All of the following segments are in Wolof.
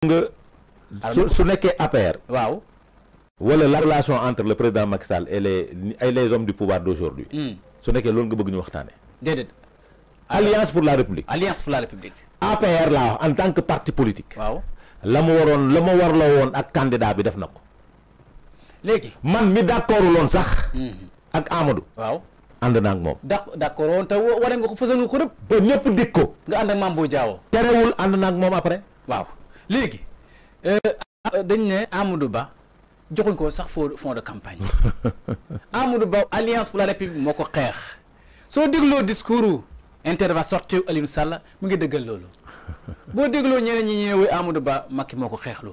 su su APR. Waouh. wala la relation entre le président Macky Sall et les les hommes du pouvoir d'aujourd'hui hmm. su n'est loolu nga bëgg ñu waxtaane déedéet alliance pour la république. alliance pour la république. APR laa wax en tant que parti politique. Wow. la mu le la ma warloo a ak candidat bi def na man mi d'accord loon sax. Hmm. ak Amadou. Wow. Ande naa mom. d'accord on te nga ko fësal nga ko rëbb. ñëpp dikk ko. nga ànd Mambo Diawo. terewul ande naa mom après Wow. léegi euh, dañ ne Amadou Ba joxuñ ko sax fo fond de campagne Amadou Ba alliance pour la république moo ko xeex soo dégloo discours intervent sorti Aliou Sall mu ngi dëggal loolu boo dégloo ñeneen ñi ñëwee Amadou Ba Macky moo ko xeexlu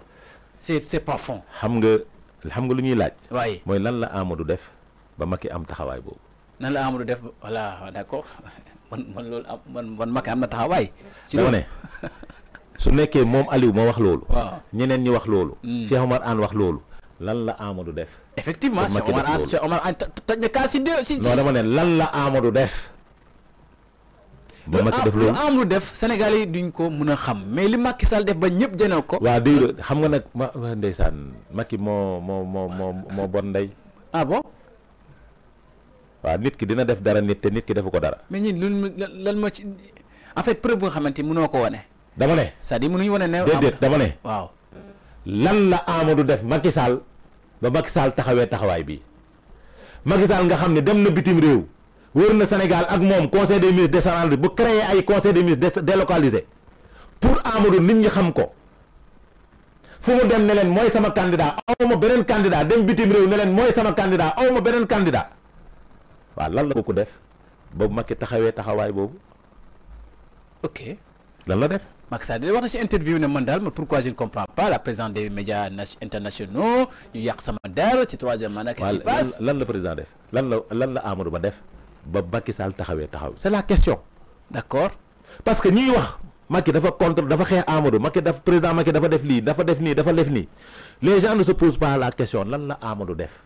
c'est c'est profond. xam nga xam nga lu ñuy laaj. waaye mooy lan la Amadou def ba Macky am taxawaay boobu. nan la Amadou def voilà d'accord man man loolu man man am na taxawaay. ci loolu su nekké mom Aliou ma wax lolu ñeneen ñi wax lolu hmm. Cheikh Omar an wax lolu lan la Amadou def. effectivement Cheikh Omar an Cheikh Omar an toj na kaa si ci non dama ne lan la Amadou def. ba Macky def lolu Amadou def sénégalais yi duñ ko mëna xam mais li Macky Sall def ba ñepp jëne ko. wa dégg xam nga nak ma ndeysaan Macky mo mo mo moo moo bon ndey. ah bon. wa nit ki dina def dara nit te nit ki defu ko dara. mais ñi lan ma ci en fait preuve bu nga xamante ni ko woné dama ne. c'est-à-dire ñu wane ne. déedéet dama ne. waaw lan la Amadou def Macky Sall ba Macky Sall taxawee taxawaay bii Macky nga xam ne dem na bitim réew wër na Sénégal ak moom conseil des ministres décentralisé bu créer ay conseil des ministres délocalisé pour Amadou nit ñi xam ko fu mu dem ne leen mooy sama candidat aw ma beneen candidat dem bitim réew ne leen mooy sama candidat aw ma beneen candidat waaw lan la kooku def ba Macky taxawee taxawaay boobu. ok lan Maxade, Sall wax na ci interview ne man dal pourquoi je ne comprends pas la présence des médias internationaux ñu yak sama der ci troisième mandat. qu'est-ce qui se passe lan la président def lan la lan la Amadou Ba def ba Macky Sall taxawee taxaw c'est la question. d'accord parce que ñi wax Macky dafa contre dafa xé Amadou Macky daf président Macky dafa def li dafa def ni dafa def ni les gens ne se posent pas la question lan la Amadou def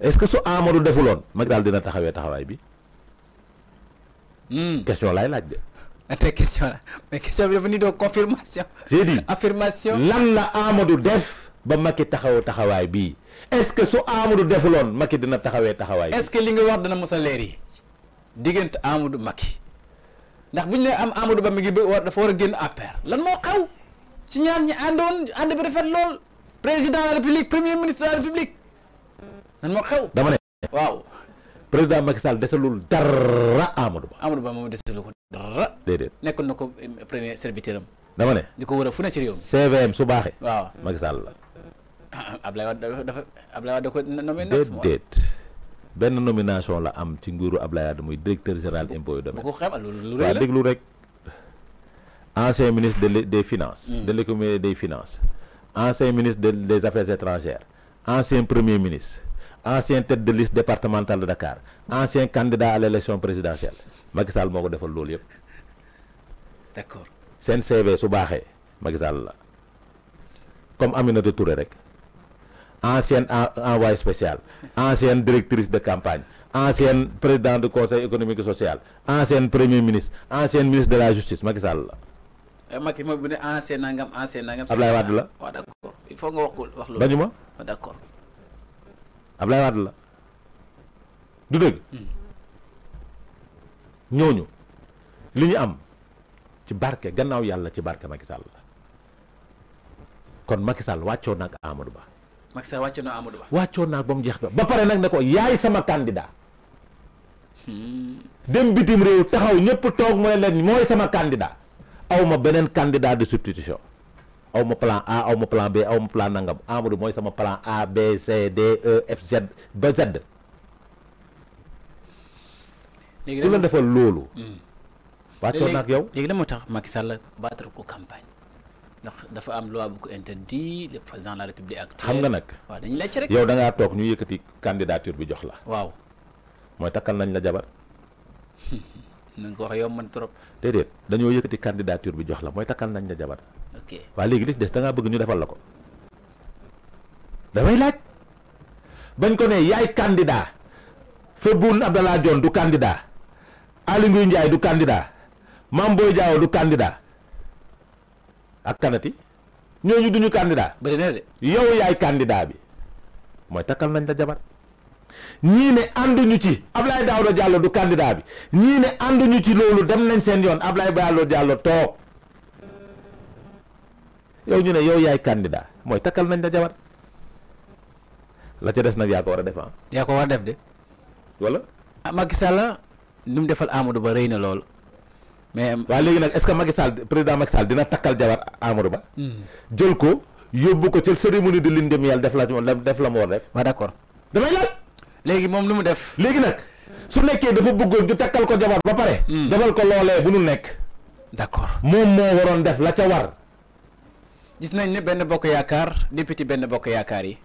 est-ce que su Amadou defulone Macky Sall dina taxawé taxaway bi. Hmm. question laay laaj de. tey question la mais question bi dafa nah, ni confirmation. j'ai dit affirmation lan la Amadou def ba Macky taxaw taxawaay bii est-ce que su Amadou defuloon Macky dina taxawee taxawaay. est-ce que li nga wax dana yi Amadou ndax am Amadou Ba mi war dafa war a génn lan moo xaw ci ñaar ñi àndoon ànd bi rafet lool président de la république premier ministre de la république lan moo xaw. dama ne waaw président Macky Sall desalul dara Amadou Ba. Amadou Ba mo desalu dara déedéet nekkoon na ko premier serviteur am dama ne ko wër a ci réew mi CVM su baaxee waaw Macky Sall la Ablaye Wade dafa Ablaye Wade da ko nommé déedéet benn nomination la am ci nguuru Ablaye Wade muy directeur général impôts et domaines bu ko xamal déglu rek ancien ministre de des finances hmm. de l'économie des finances ancien ministre de des affaires étrangères ancien premier ministre ancien tête de liste départementale de Dakar ancien candidat à l'élection présidentielle Macky Sall moko defal loolu yeb d'accord sen CV su baxé Macky Sall la comme Aminata Touré rek ancienne envoyé spécial ancienne directrice de campagne ancienne président du conseil économique et social ancienne premier ministre ancienne ministre de la justice Macky Sall la. Eh, Macky mo bune ne ancien nangam ancien nangam. Abdoulaye Wade la wa d'accord il faut nga waxul wax loolu. bañuma ma d'accord. Abdoulaye Wade la du dëgg. Hmm. ñooñu li ñu am ci barke gannaaw yàlla ci barke Macky Sall la kon Macky Sall wàccoo na ak Amadou Ba. Macky Sall na Amadou Ba. wàccoo na mu jeex ba pare nag ne ko yaay sama candidat. Hmm. dem bitim réew taxaw ñëpp toog mooy leen mooy sama candidat. aw ma beneen candidat de substitution. aw ma plan A aw ma plan B aw ma plan nangam Amadou mooy sama plan A B C D E F Z ba Z. léegi ku la defal loolu. Hmm. wàccoon ak yow léegi dama tax Macky Sall battre ko campagne ndax dafa am loi bu ko interdit le de la république xam nga jabar. ko wax yow man trop. jabar. ok li des da ngaa bëgg ñu defal Abdallah du Aly Ngouille Ndiaye du candidat Mame Boye Diao du candidat ak kanati ñooñu duñu candidat bëri na de yow yaay candidat bi mooy takkal nañ la jabar ñii ne ànduñu ci Ablaye Daouda Diallo du bi ñii ne ànduñu ci loolu dem nañ seen yoon Ablaye Daouda Diallo toog yow ñu ne yow yaay candidat mooy takkal nañ la jabar la ca des nag yaa ko war a def ah. yaa ko war a def de. wala. ah Macky Sall lu mu defal Amadou Ba rëy na lool mais. waa léegi nag est-ce que Macky Sall président Macky Sall dina takkal jabar Amadou Ba. Hmm. jël ko yóbbu ko ca cérémonie de lune de miel def la def la mu war def. waaw d'accord damay laaj. léegi moom lu mu def. léegi nag su nekkee dafa bëggoon ñu takkal ko jabar ba pare. Hmm. defal ko loolee bu nu nekk. d'accord moom moo waroon def la ca war. gis nañ ne benn bokk yaakaar député benn bokk yaakaar yi.